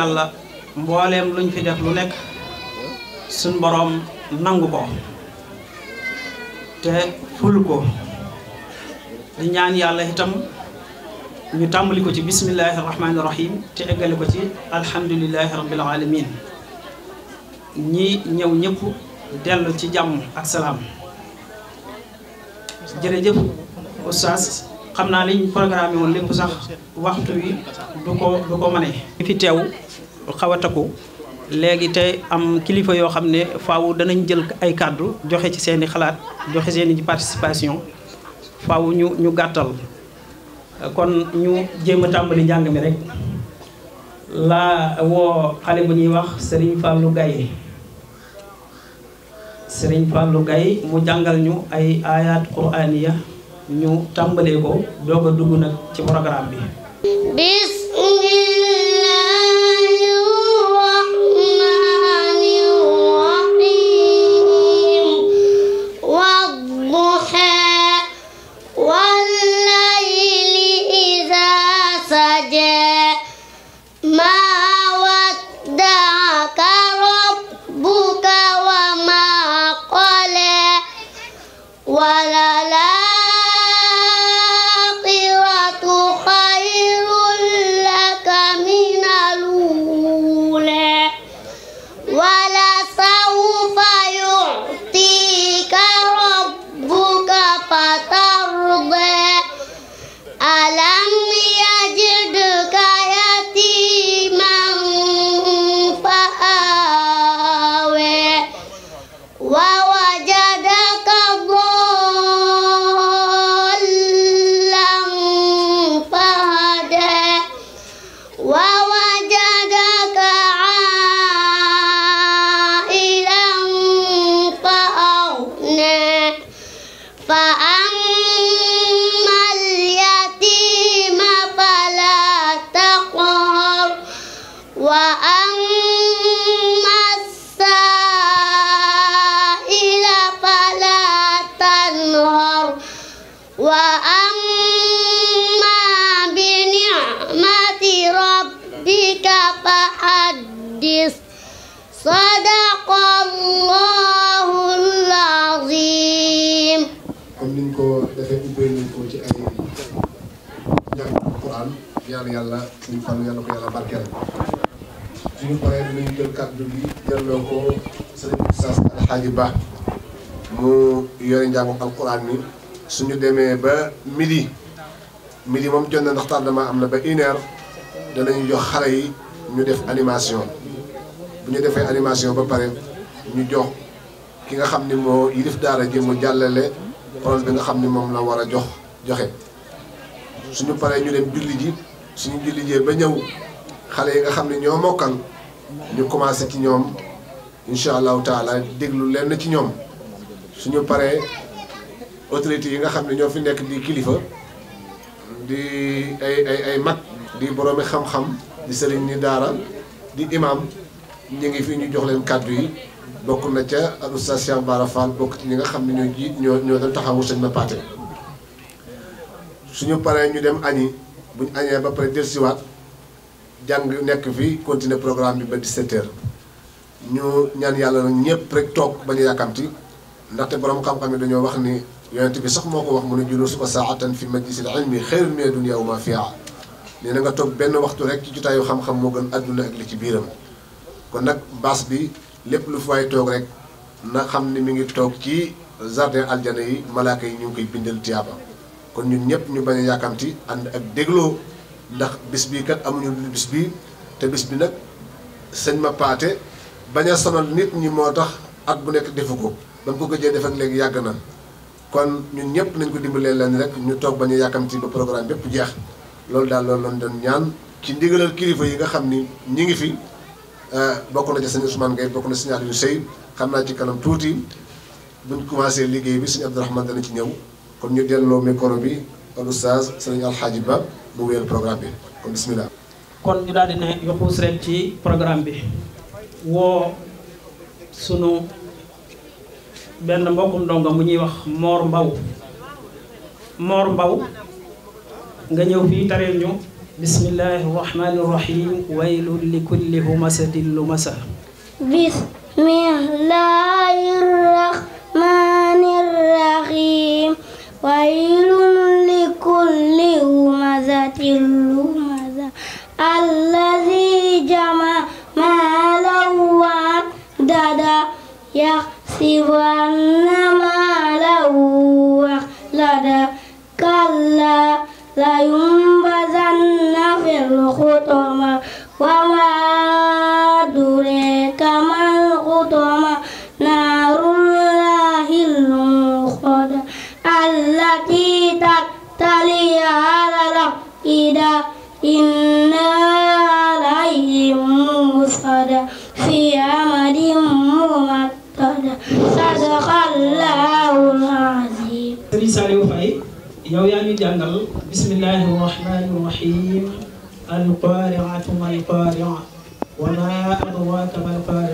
yàlla mbooleem lu ñu fi def lu nekk suñ boroom nangu ko te ful ko di ñaan yàlla itam ñu tàmbali ko ci bismillahi rahmaani rahim te eggale ko ci alhamdulillahi rabbil alamin ñi ñëw ñëpp dellu ci jàmm ak salaam jërëjëf oustaz xam naa liñ programme woon lépp sax waxtu wi du ko du ko mane fi teew xaw a takku léegi te am kilifa yoo xam ne faw danañ jël ay kàddu joxe ci seeni xalaat joxe seeni participation faw ñu ñu gàttal kon ñu jéem a tàmbali njàng mi rek laa woo xale bu ñuy wax Serigne Fallou Gaye Serigne Fallou Gaye mu jàngal ñu ay ayat quraaniya ñu tàmbalee ko dugg nag ci programme bi. bis. ñaan yàlla suñu fan yàlla ko yàlla barkeel suñu paree dinañ jël kàddu bi jëlloo ko sëriñ Sass Alxaaji Ba mu yore njàngum alquran mi suñu demee ba midi midi moom jot na ndax tardement am na ba une heure danañu jox xale yi ñu def animation bu ñu defee animation ba pare ñu jox ki nga xam ni moo yilif daara ji mu jàllale parole bi nga xam ni moom la war a jox joxe suñu paree ñu dem julli ji suñu julli jee ba ñëw xale yi nga xam ne ñoo mokkal ñu commencé ci ñoom incha allahu taala déglu lenn ci ñoom suñu paree autorités yi nga xam ne ñoo fi nekk di kilifa di ay ay ay mag di boroomi xam-xam di sëriñ ni daara di imam ñu ngi fii ñu jox leen kàddu yi bokk na ca al oustaz Cheikh Bara Fall bokk ci ñi nga xam ne ñoo jiit ñoo ñoo doon taxawu sëñ ma paate suñu paree ñu dem añi bu ñu añee ba pare dellusiwaat jàng nekk fi continuer programme bi ba 17h ñu ñaan yàlla na ñëpp rek toog ba ñu yàkkamti ndaxte borom xam-xam dañoo wax ni yonent bi sax moo ko wax mu ne julusu ko saatan fi majlisil ilmi xayrun mina dunya wa ma fiha nee na nga toog benn waxtu rek ci jotaayu xam-xam moo gën àdduna ak li ci biiram kon nag baas bi lépp lu fay toog rek na xam ni mu ngi toog ci jardin aljana yi malaaka yi ñu ngi koy bindal tiyaaba ñun ñëpp ñu bañ a yàkkamti ànd ak dégloo ndax bis bii kat amuñu bis bii te bis bi nag sëñ ma paate bañ a sonal nit ñi moo tax at bu nekk defu ko ba mu ko gëjee def léegi yàgg na kon ñun ñëpp nañ ko dimbalee leen rek ñu toog bañ a yàkkamti ba programme bépp jeex loolu daal loolu lañ doon ñaan ci ndigalal kilifa yi nga xam ni ñi ngi fi euh, bokk na ci sëñ Ousmane Gueye bokk na si ñaar yu sëy xam naa ci kanam tuuti buñ commencé liggéey bi sëñ Abdourahmane dana ci ñëw kon ñu delloo micro bi al oustaz sëriñ alxaaji ba mu wéyal programme bi kon bismillah kon ñu daal di ne yoxuus rek ci programme bi woo sunu benn mbokkum ndongo mu ñuy wax Mor Mbaw Mor Mbaw nga ñëw fii tareel ñu bismillahi rahmani rahim ويل لكل همزة لمزة الذي جمع مالا وعددا يحسب أن ماله أخلدا كلا لينبذن في الحطمة وما allahul azim Serigne Saliou Faye yow yaa ñu jàngal bismillahi rahmani rahim alqariatu malqaria wa ma adraka malqaria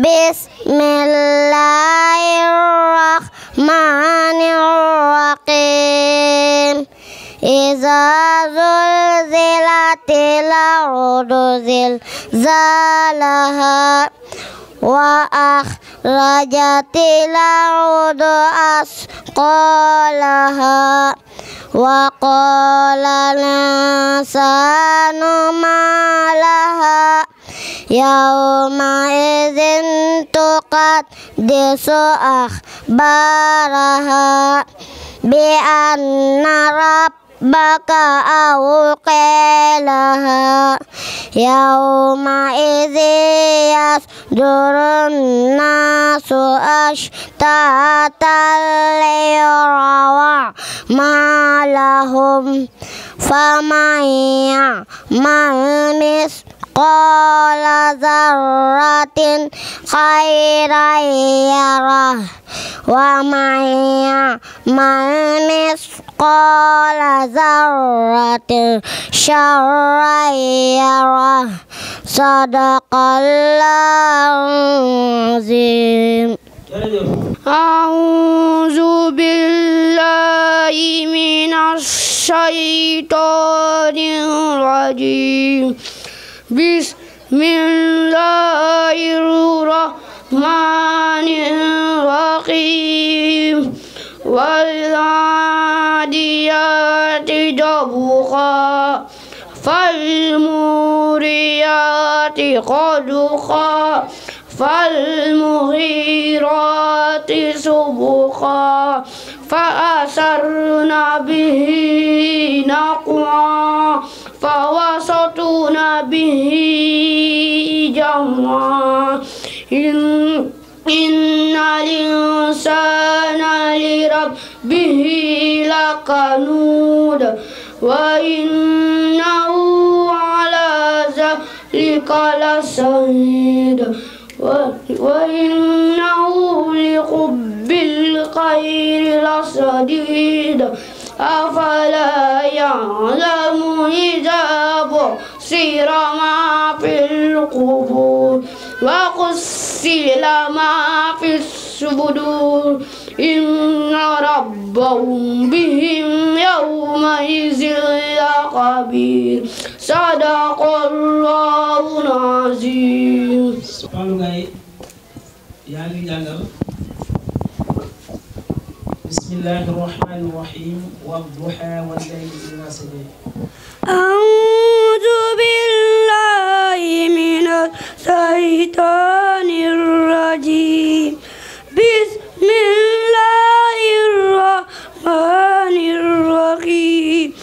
بسم الله الرحمن الرحيم إذا زلزلت الأرض زلزالها وأخرجت الأرض أثقالها وقال الإنسان ما لها يومئذ تقدس أخبارها بأن رب بكى أو قيلها يومئذ يصدر الناس أشتاتا ليروا ما لهم فمن يعمل مثل مثقال ذرة خيرا يره ومن يعمل مثقال ذرة شرا يره صدق الله العظيم أعوذ بالله من الشيطان الرجيم بسم الله الرحمن الرحيم والعاديات ضبقا فالموريات قدقا فالمغيرات سبقا فأسرن به نقعا فوسطون به جمعا إن, إن الإنسان لربه لكنود وإنه على ذلك لشهيد وإنه لحب الخير لشديد أفلا يعلم إذا بصر ما في القبور وقسل ما في الصدور إن ربهم بهم يومئذ لخبير صدق الله العظيم. bismillahi rahmani rahim wadduha wallayli idha saja a'udhu billahi minash shaytanir rajim bismillahir rahmanir rahim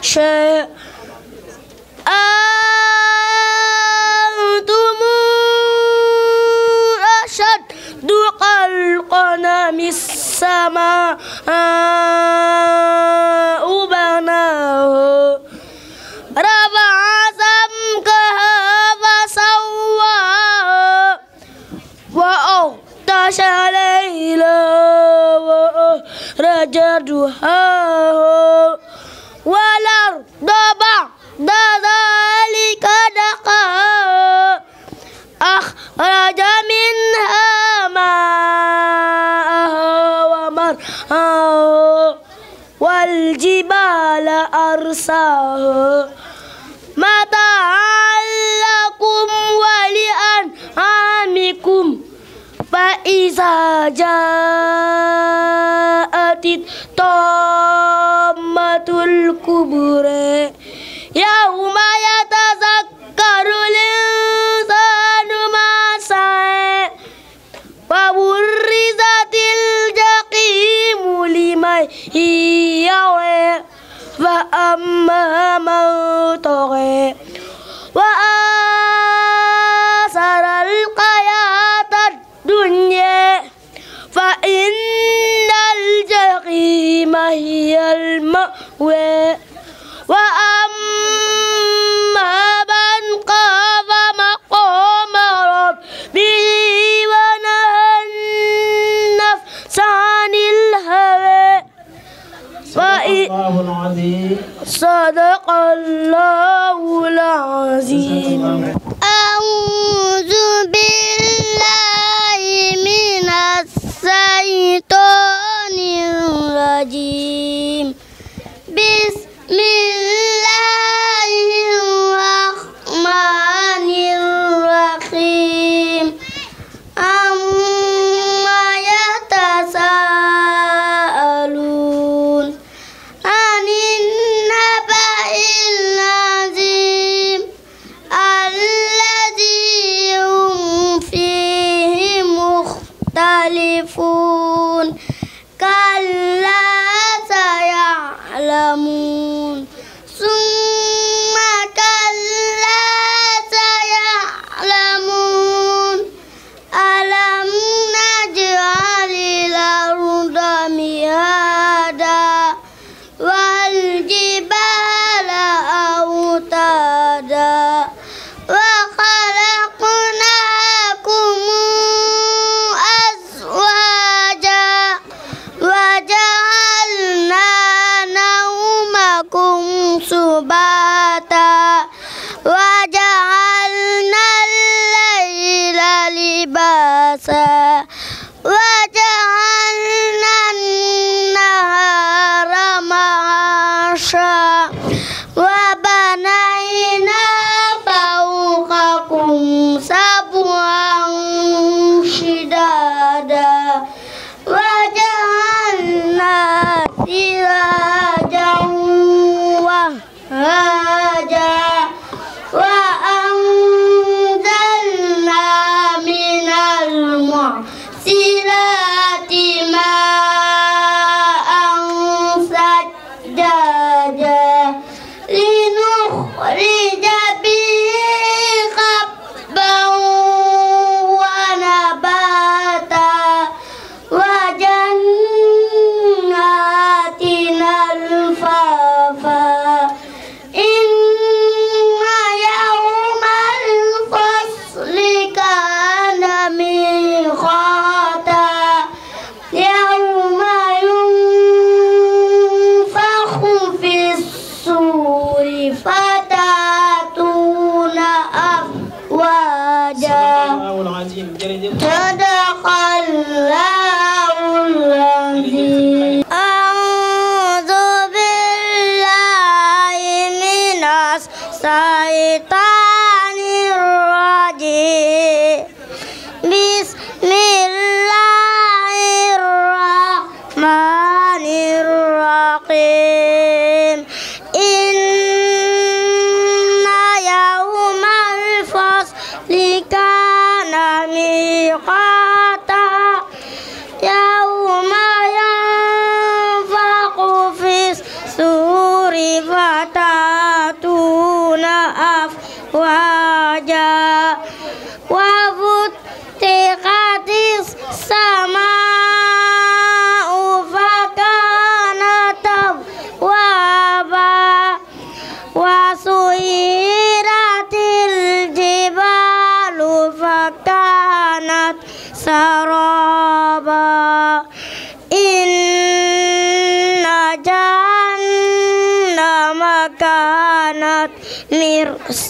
شيئا أنتم أشد خلقنا من السماء بناه رفع سمكها فسواها وأغطش ليلها وأخرج ضحاها الجبال أرساها متاعا لكم ولأنعامكم فإذا جاءت الطامة الكبرى يوم يتذكر الإنسان من يرى فأما من طغى وآثر الحياة الدنيا فإن الجحيم هي المأوى صدق الله العظيم أعوذ بالله من الشيطان الرجيم بسم الله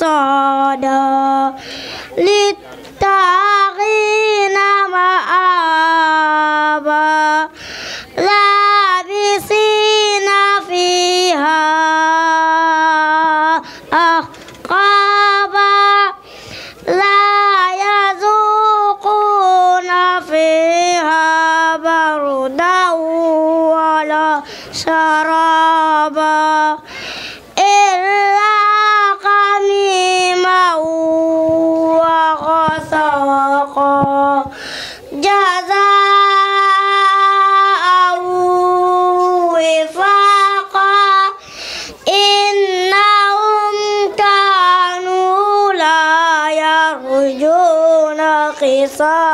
مرصادا للطاغين مآبا لابسين فيها أحقابا لا يذوقون فيها بردا ولا شرابا ماء وغسقا جزاء وفاقا إنهم كانوا لا يرجون قصاصا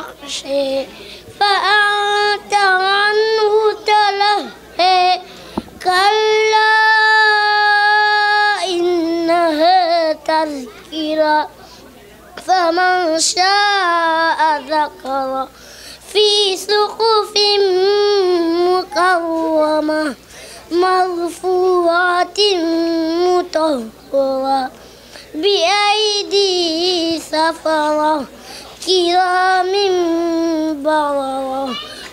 تخشي فأنت عنه تلهي كلا إنها تذكرة فمن شاء ذكره في سقف مكرمة مرفوعة مطهرة بأيدي سفرة كرام بررة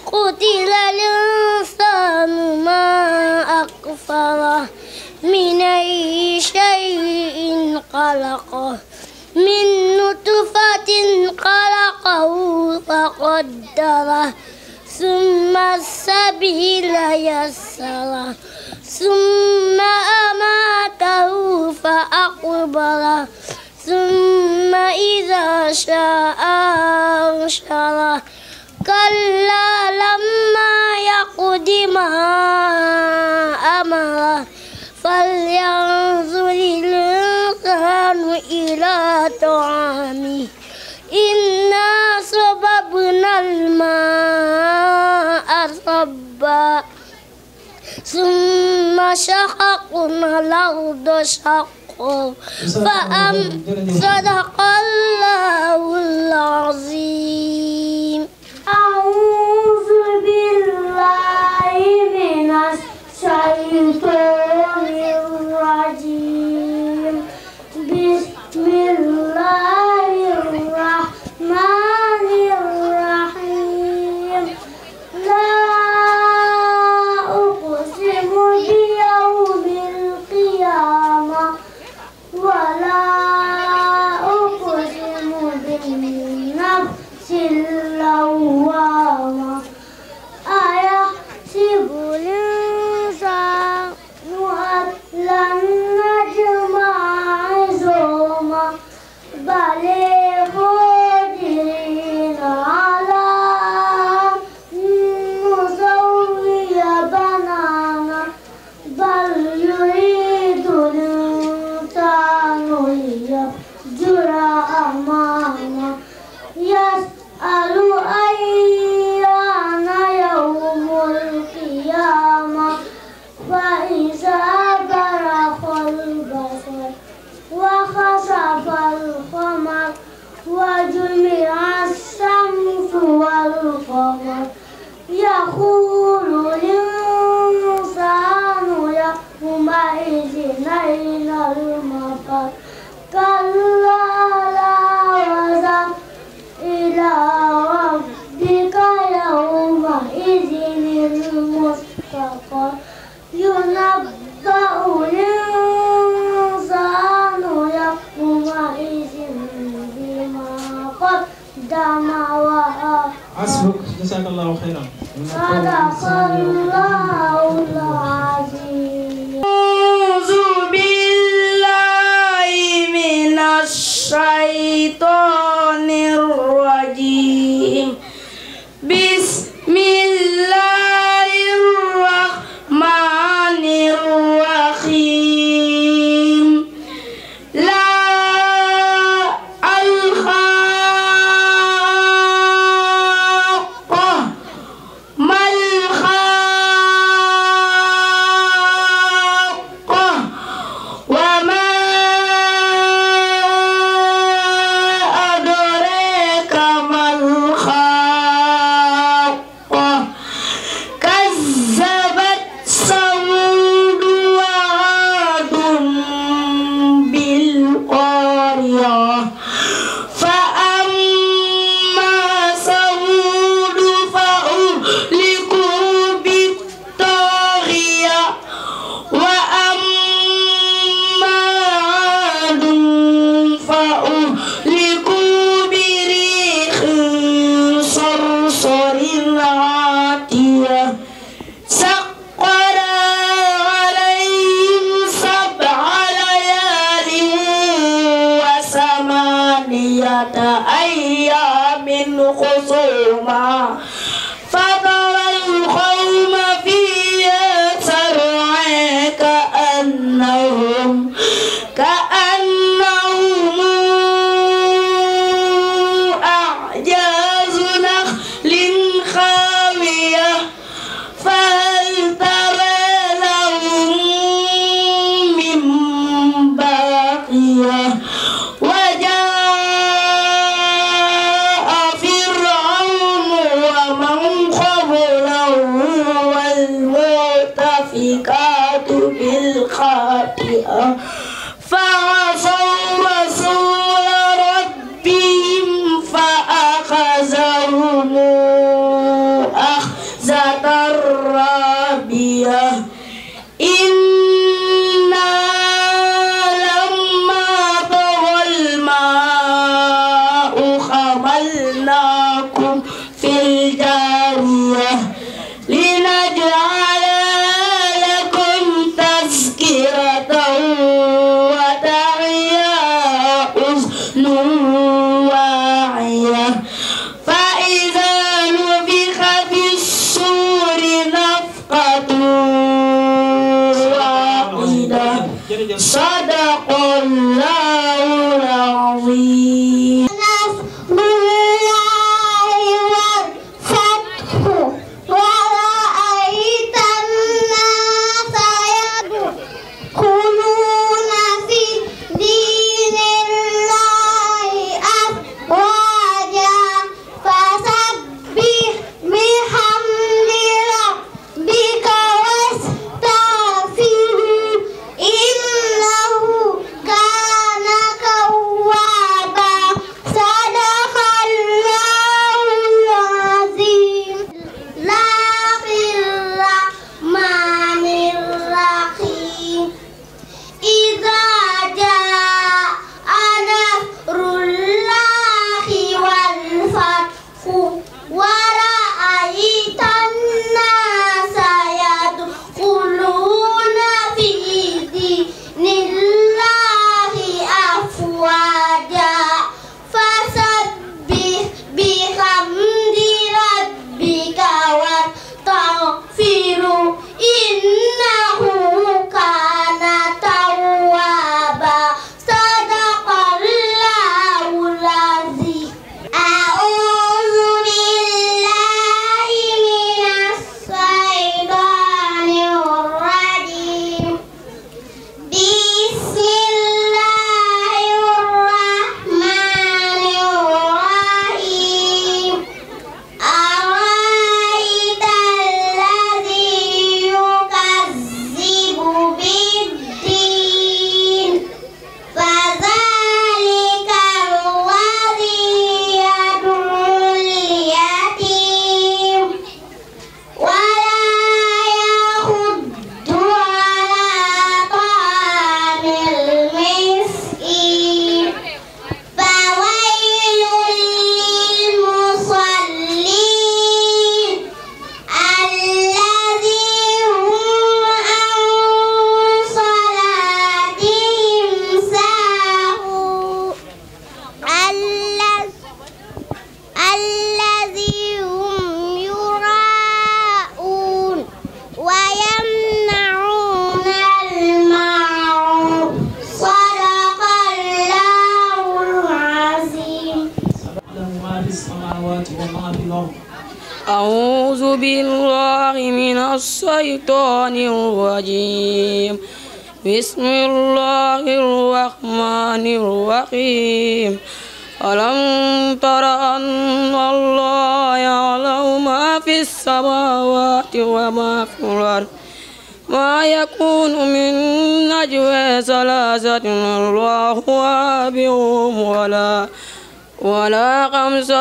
قتل الإنسان ما أكفره من أي شيء خلقه من نطفة خلقه فقدره ثم السبيل يسره ثم أماته فأقبره ثم إذا شاء أنشره كلا لما يقض ما أمره فلينظر الإنسان إلى طعامه إنا صببنا الماء صبا ثم شققنا الأرض شقا صدق الله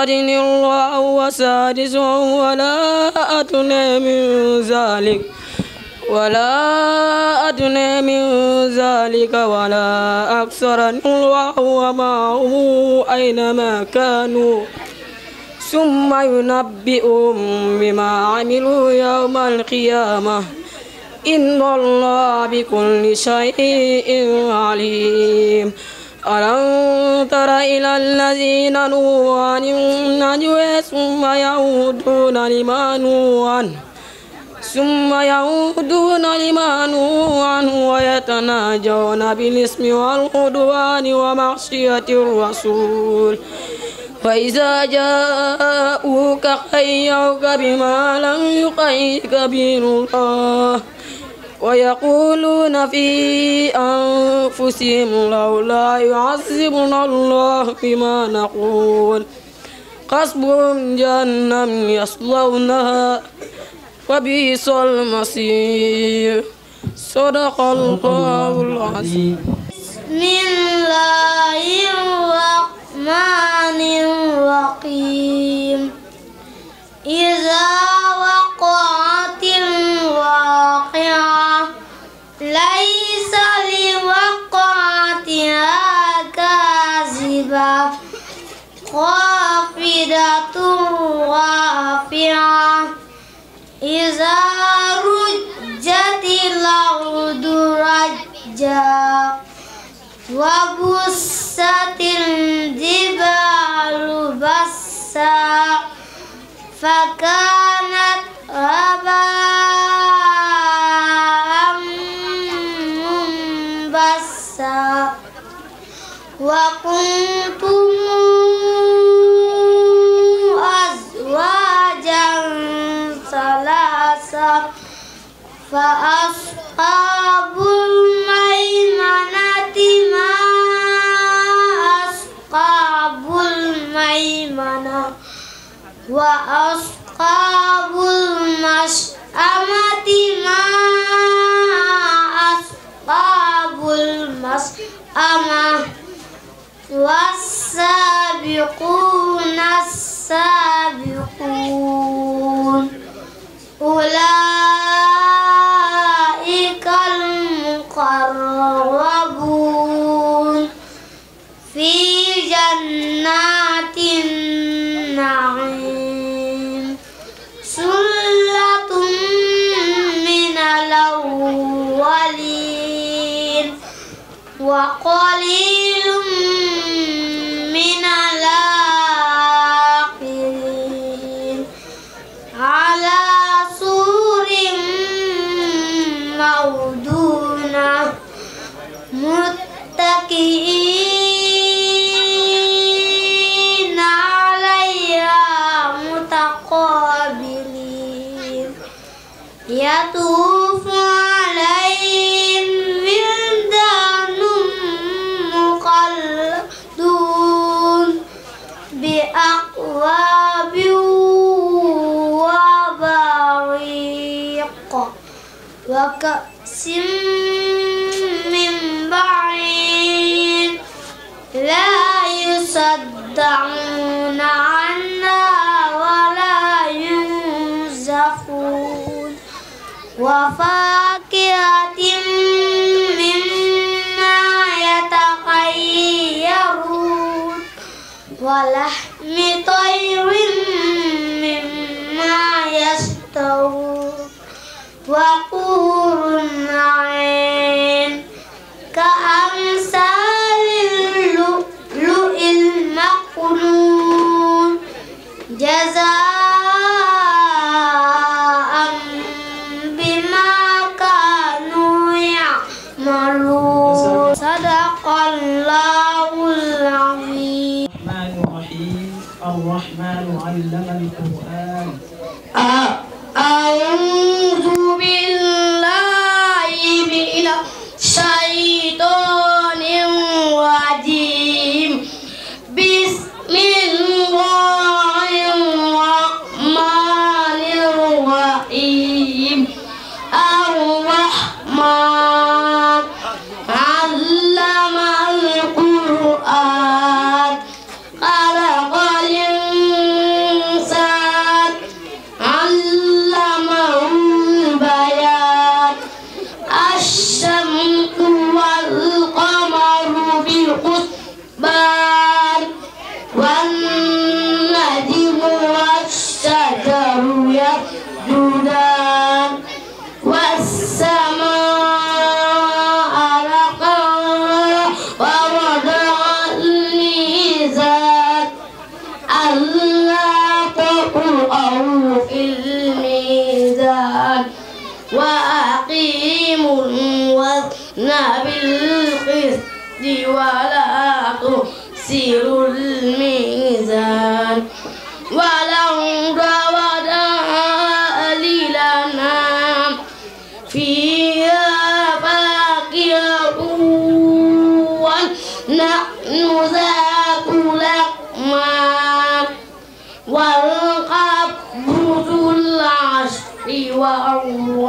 قرن رأوا وسادسهم ولا أدنى من ذلك ولا أدنى من ذلك ولا أكثر الله ومعه أينما كانوا ثم ينبئهم بما عملوا يوم القيامة إن الله بكل شيء عليم ألم تر إلى الذين نهوا عن النجوى ثم يعودون لما نهوا عنه ثم يعودون لما نهوا عنه ويتناجون بالإثم والعدوان ومعصية الرسول فإذا جاءوك حيوك بما لم يحيك به الله ويقولون في أنفسهم لولا يعذبنا الله بما نقول حسبهم جهنم يصلونها وبئس المصير صدق الله العظيم بسم الله الرحمن الرحيم إذا وقعت الواقعة ليس لوقعتها كاذبة خافضة رافعة إذا رجت الأرض رجا وبست الجبال بسا فكانت هباء منبثا وكنتم أزواجا ثلاثة فأصحاب الميمنة ما أصحاب الميمنة وأصحاب المشأمة ما أصحاب المشأمة والسابقون السابقون أولئك المقربون وقليل من الآخرين على سور موضونة متكئين عليها متقابلين يطوف ضعنا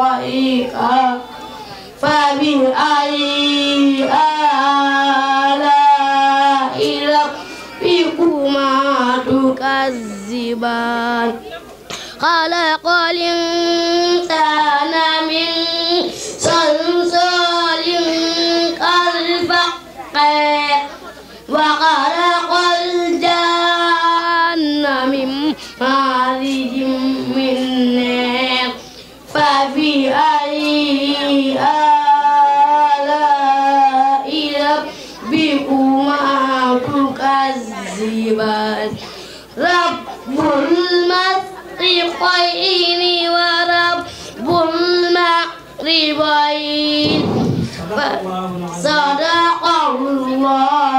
طريقا فبأي آلاء ربكما تكذبان خلق الإنسان من صلصال كالفخار وقال الشقيقين ورب المغربين صدق الله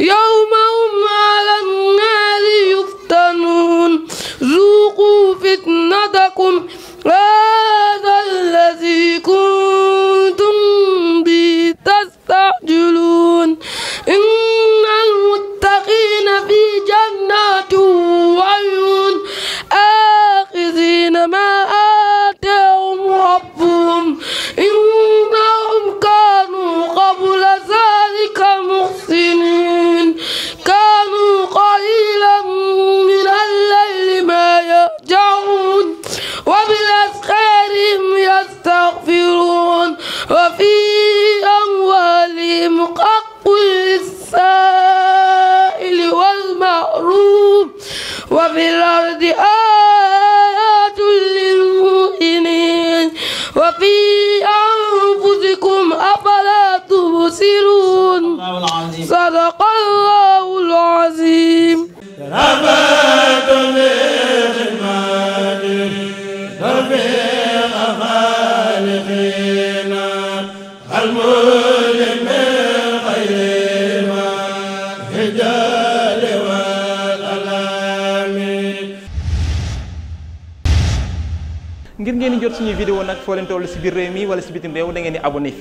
yow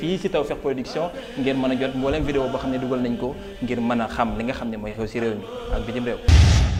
fii si Tawfekh Production ngeen mën a jot mboolem vidéo boo xam ne dugal nañ ko ngir mën a xam li nga xam ne mooy xew si réew mi ak bitim réew